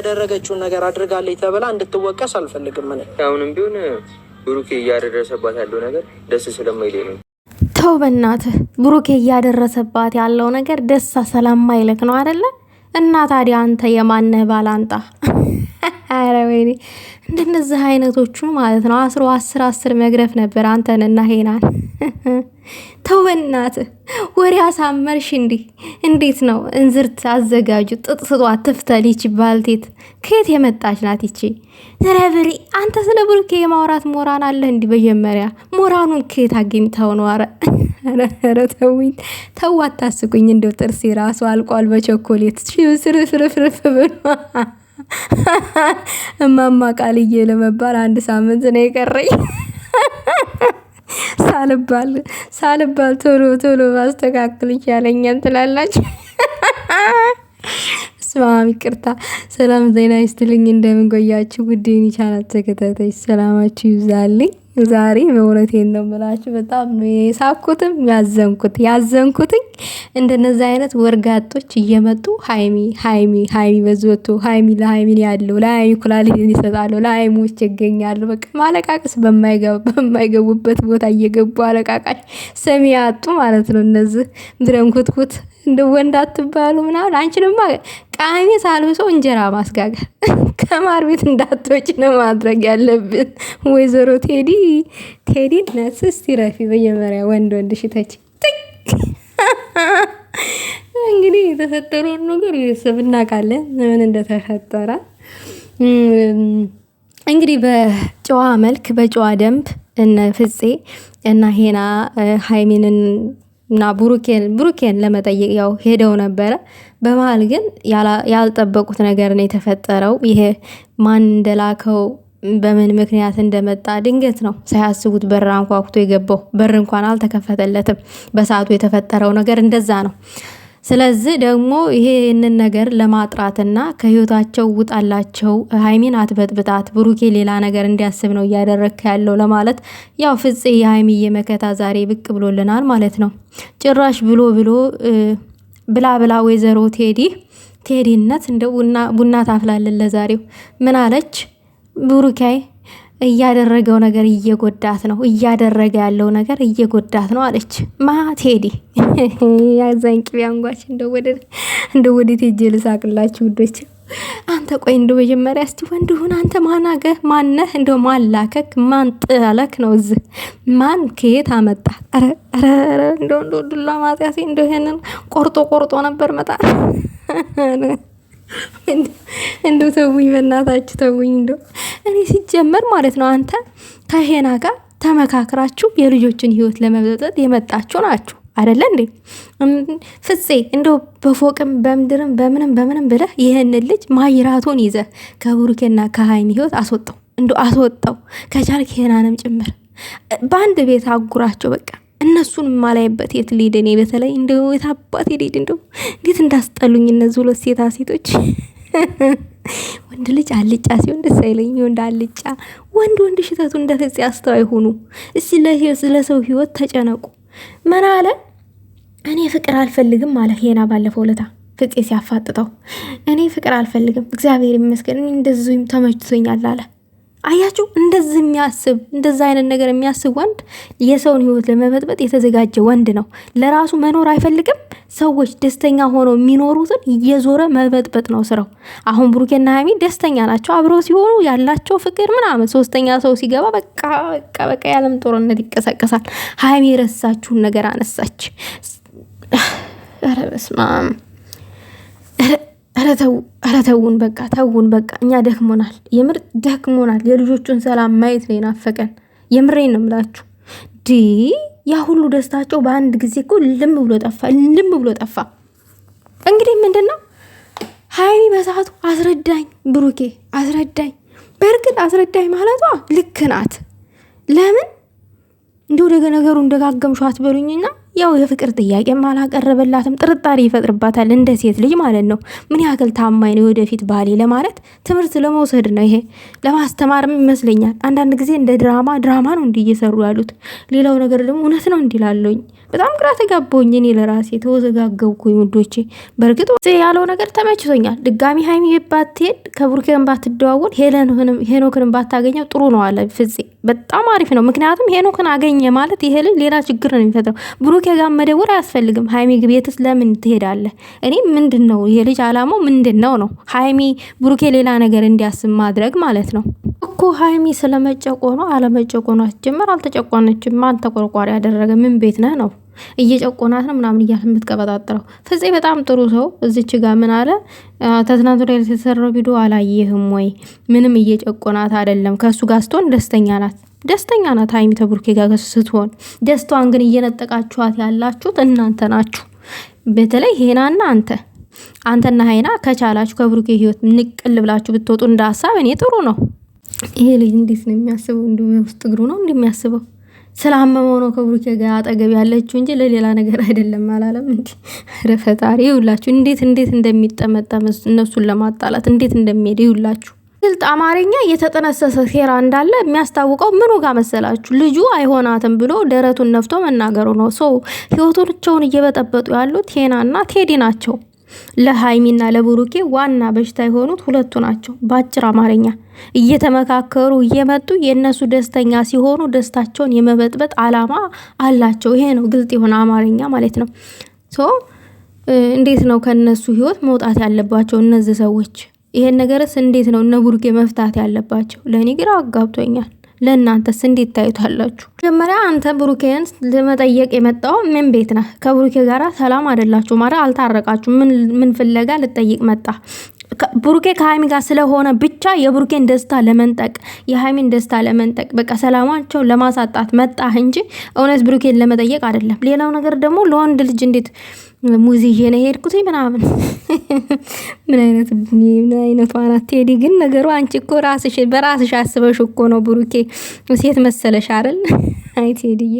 ያደረገችውን ነገር አድርጋለች ተብላ እንድትወቀስ አልፈልግም። አሁንም ቢሆን ብሩኬ እያደረሰባት ያለው ነገር ደስ ስለማይል ነው። ተው በእናትህ ብሩኬ እያደረሰባት ያለው ነገር ደስ ስለማይልክ ነው አደለ? እና ታዲያ አንተ የማነህ ባላንጣ ኧረ ወይኔ እንደነዚህ አይነቶቹ ማለት ነው አስሮ አስር አስር መግረፍ ነበር። አንተንና እና ሄናን ተወናት ወሬ አሳመርሽ። እንዲህ እንዴት ነው? እንዝርት አዘጋጁ ጥጥ ስጧት ትፍተል። ይቺ ባልቴት ከየት የመጣች ናት ይቺ? ረብሪ አንተ ስለ ብሩኬ የማውራት ሞራን አለህ እንዲህ። መጀመሪያ ሞራኑን ከየት አግኝተው ነው? አረ ኧረ ተውኝ፣ ተው አታስቁኝ። እንደው ጥርሴ ራሱ አልቋል በቸኮሌት ሽብስርፍርፍርፍ ብሏ እማማ ቃልዬ ለመባል አንድ ሳምንት ነው የቀረኝ። ሳልባል ሳልባል ቶሎ ቶሎ ማስተካከል ይቻለኛል ትላላችሁ። ስማም ይቅርታ። ሰላም ዜና ይስትልኝ እንደምንቆያችሁ ጉዴን ይቻላል ተከታታይ ሰላማችሁ ይብዛልኝ። ዛሬ በእውነቴን ነው ምላችሁ፣ በጣም ነው የሳኩትም ያዘንኩት ያዘንኩትኝ እንደነዚ አይነት ወርጋጦች እየመጡ ሀይሚ ሀይሚ ሀይሚ በዝወቱ ሀይሚ ለሀይሚ ያለው ለሀይሚ ኩላሊትን ይሰጣለሁ ለሀይሞች ይገኛሉ። በቃ ማለቃቀስ በማይገቡበት ቦታ እየገቡ አለቃቃሽ ሰሚ ያጡ ማለት ነው። እነዚህ ምድረንኩትኩት እንደ ወንድ አትባሉ ምናምን አንቺንማ ቀሚስ አልብሶ እንጀራ ማስጋገር ከማር ቤት እንዳትወጭ ነው ማድረግ ያለብን። ወይዘሮ ቴዲ ቴዲ ነስስ ረፊ መጀመሪያ ወንድ ወንድ ሽተች እንግዲህ የተፈጠረውን ነገር ቤተሰብ እናውቃለን፣ ምን እንደተፈጠረ እንግዲህ በጨዋ መልክ በጨዋ ደንብ እነ ፍፄ እና ሄና ሀይሜንን እና ብሩኬን ብሩኬን ለመጠየቅ ያው ሄደው ነበረ። በመሀል ግን ያልጠበቁት ነገር ነው የተፈጠረው። ይሄ ማን እንደላከው በምን ምክንያት እንደመጣ ድንገት ነው ሳያስቡት በር አንኳኩቶ የገባው። በር እንኳን አልተከፈተለትም። በሰዓቱ የተፈጠረው ነገር እንደዛ ነው። ስለዚህ ደግሞ ይሄንን ነገር ለማጥራትና ከህይወታቸው ውጣላቸው፣ ሀይሚን አትበጥብጣት፣ ብሩኬ ሌላ ነገር እንዲያስብ ነው እያደረግክ ያለው ለማለት ያው ፍፄ የሀይሚዬ መከታ ዛሬ ብቅ ብሎልናል ማለት ነው። ጭራሽ ብሎ ብሎ ብላ ብላ ወይዘሮ ቴዲ ቴዲነት እንደ ቡና ታፍላለን ለዛሬው ምን አለች ብሩኬ እያደረገው ነገር እየጎዳት ነው፣ እያደረገ ያለው ነገር እየጎዳት ነው አለች። ማ ቴዲ ያዛኝ ቅቤ አንጓች እንደ ወደ ቴጄ ልሳቅላችሁ ውዶች። አንተ ቆይ እንደ መጀመሪያ እስቲ ወንድሁን አንተ ማናገ ማነህ? እንደ ማላከክ ማን ጥለክ ነው እዚህ? ማን ከየት አመጣ? ረረረ እንደ ወንድ ዱላ ማጽያሴ እንደ ይሄንን ቆርጦ ቆርጦ ነበር መጣ እንደው ተውኝ፣ በእናታችሁ ተውኝ። እንደው እኔ ሲጀመር ማለት ነው አንተ ከሄና ጋር ተመካክራችሁ የልጆችን ህይወት ለመበጠጥ የመጣችሁ ናችሁ አይደለ እንዴ? ፍፄ እንደው በፎቅም በምድርም በምንም በምንም ብለህ ይህንን ልጅ ማይራቱን ይዘህ ከብሩኬና ከሀይን ህይወት አስወጣው፣ እንደ አስወጣው ከቻልክ ሄናንም ጭምር በአንድ ቤት አጉራቸው በቃ። እነሱን ማላይበት የት ሊድ እኔ በተለይ እንደው የታባት ሄድ እንደው እንዴት እንዳስጠሉኝ እነዚህ ሁለት ሴታ ሴቶች። ወንድ ልጅ አልጫ ሲሆን ደስ አይለኝ። ወንድ አልጫ ወንድ ወንድ ሽተቱ እንደተጽ አስተዋይ ሆኑ። እስቲ ለሰው ህይወት ተጨነቁ። ምን አለ? እኔ ፍቅር አልፈልግም አለ ሄና ባለፈው ለታ ፍፄ ሲያፋጥጠው እኔ ፍቅር አልፈልግም፣ እግዚአብሔር ይመስገን እንደዚሁም ተመችቶኛል አለ። አያችሁ፣ እንደዚህ የሚያስብ እንደዚ አይነት ነገር የሚያስብ ወንድ የሰውን ህይወት ለመበጥበጥ የተዘጋጀ ወንድ ነው። ለራሱ መኖር አይፈልግም። ሰዎች ደስተኛ ሆነው የሚኖሩትን እየዞረ መበጥበጥ ነው ስራው። አሁን ብሩኬና ሀሚ ደስተኛ ናቸው አብረው ሲሆኑ ያላቸው ፍቅር ምናምን፣ ሶስተኛ ሰው ሲገባ በቃ በቃ በቃ የዓለም ጦርነት ይቀሰቀሳል። ሀሚ የረሳችሁን ነገር አነሳች። ኧረ በስመ አብ ኧረ ተውን በቃ ተውን በቃ እኛ ደክሞናል፣ የምር ደክሞናል። የልጆቹን ሰላም ማየት ነው የናፈቀን። የምሬን ነው የምላችሁ። ዲ ያ ሁሉ ደስታቸው በአንድ ጊዜ እኮ ልም ብሎ ጠፋ፣ ልም ብሎ ጠፋ። እንግዲህ ምንድን ነው ሀይሚ በሰዓቱ አስረዳኝ፣ ብሩኬ አስረዳኝ። በእርግጥ አስረዳኝ ማለቷ ልክ ናት። ለምን እንዲሁ ነገሩ እንደጋገምሸት በሉኝና ያው የፍቅር ጥያቄም አላቀረበላትም። ጥርጣሬ ይፈጥርባታል እንደ ሴት ልጅ ማለት ነው። ምን ያክል ታማኝ ነው ወደፊት ባሌ ለማለት ትምህርት ለመውሰድ ነው፣ ይሄ ለማስተማርም ይመስለኛል። አንዳንድ ጊዜ እንደ ድራማ ድራማ ነው እንዲህ እየሰሩ ያሉት። ሌላው ነገር ደግሞ እውነት ነው እንዲላለኝ በጣም ግራ ተጋባሁኝ። እኔ ለራሴ ተወዘጋገብኩ ውዶቼ። በእርግጥ ያለው ነገር ተመችቶኛል። ድጋሚ ሀይሚ ባትሄድ ከቡርኬን ባትደዋወል ሄኖክን ባታገኘው ጥሩ ነው አለ ፍፄ። በጣም አሪፍ ነው። ምክንያቱም ሄኖክን አገኘ ማለት ይሄ ሌላ ችግር ነው የሚፈጥረው። ብሩኬ ጋር መደወር አያስፈልግም። ሀይሚ ግቤትስ ለምን ትሄዳለህ? እኔ ምንድን ነው ይሄ ልጅ አላማው ምንድን ነው ነው ሀይሚ ብሩኬ ሌላ ነገር እንዲያስብ ማድረግ ማለት ነው። እኮ ሀይሚ ስለመጨቆኑ አለመጨቆኑ አስጀመር አልተጨቆነችም። ማን ተቆርቋሪ ያደረገ? ምን ቤት ነህ ነው እየጨቆናት ነው ምናምን እያል የምትቀበጣጥረው ፍፄ በጣም ጥሩ ሰው። እዚች ጋ ምን አለ ተትናንት ላይ የተሰራው ቪዲዮ አላየህም ወይ? ምንም እየጨቆናት አይደለም። ከእሱ ጋር ስትሆን ደስተኛ ናት፣ ደስተኛ ናት ሀይሚ ተብሩኬ ጋር ስትሆን። ደስታዋን ግን እየነጠቃችኋት ያላችሁት እናንተ ናችሁ። በተለይ ሄናና አንተ አንተና ሀይና ከቻላችሁ ከብሩኬ ህይወት ንቅል ብላችሁ ብትወጡ እንደ ሀሳብ እኔ ጥሩ ነው። ይሄ ልጅ እንዴት ነው የሚያስበው? እንዲሁ ውስጥ እግሩ ነው እንደሚያስበው ስለአመመው ነው ከብሩኬ ጋር አጠገብ ያለችው እንጂ ለሌላ ነገር አይደለም አላለም። እንዲ ረፈጣሪ ፈጣሪ ይውላችሁ፣ እንዴት እንዴት እንደሚጠመጠም እነሱን ለማጣላት እንዴት እንደሚሄድ ይውላችሁ። ግልጥ አማርኛ የተጠነሰሰ ሴራ እንዳለ የሚያስታውቀው ምኑ ጋር መሰላችሁ? ልጁ አይሆናትም ብሎ ደረቱን ነፍቶ መናገሩ ነው። ሰው ህይወቶቻቸውን እየበጠበጡ ያሉት ሄናና ቴዲ ናቸው። ለሀይሚና ለብሩኬ ዋና በሽታ የሆኑት ሁለቱ ናቸው። በአጭር አማርኛ እየተመካከሩ እየመጡ የእነሱ ደስተኛ ሲሆኑ ደስታቸውን የመበጥበጥ አላማ አላቸው። ይሄ ነው ግልጽ የሆነ አማርኛ ማለት ነው። ሶ እንዴት ነው ከነሱ ህይወት መውጣት ያለባቸው እነዚህ ሰዎች? ይሄን ነገርስ እንዴት ነው እነ ቡርጌ መፍታት ያለባቸው? ለእኔ ግራ አጋብቶኛል። ለእናንተስ እንዴት ታዩታላችሁ? መጀመሪያ አንተ ብሩኬን ለመጠየቅ የመጣው ምን ቤት ነህ? ከብሩኬ ጋር ሰላም አደላችሁ ማለት አልታረቃችሁ፣ ምን ፍለጋ ልጠይቅ መጣ? ብሩኬ ከሀይሚ ጋር ስለሆነ ብቻ የብሩኬን ደስታ ለመንጠቅ የሀይሚን ደስታ ለመንጠቅ በቃ ሰላማቸው ለማሳጣት መጣህ እንጂ እውነት ብሩኬን ለመጠየቅ አይደለም። ሌላው ነገር ደግሞ ለወንድ ልጅ እንዴት ሙዚዬ ነው የሄድኩት ምናምን ምን አይነት ምን አይነቷ ናት ቴዲ? ግን ነገሩ አንቺ እኮ ራስሽ በራስሽ አስበሽ እኮ ነው ብሩኬ ሴት መሰለሽ አይደል? አይ ቴዲዬ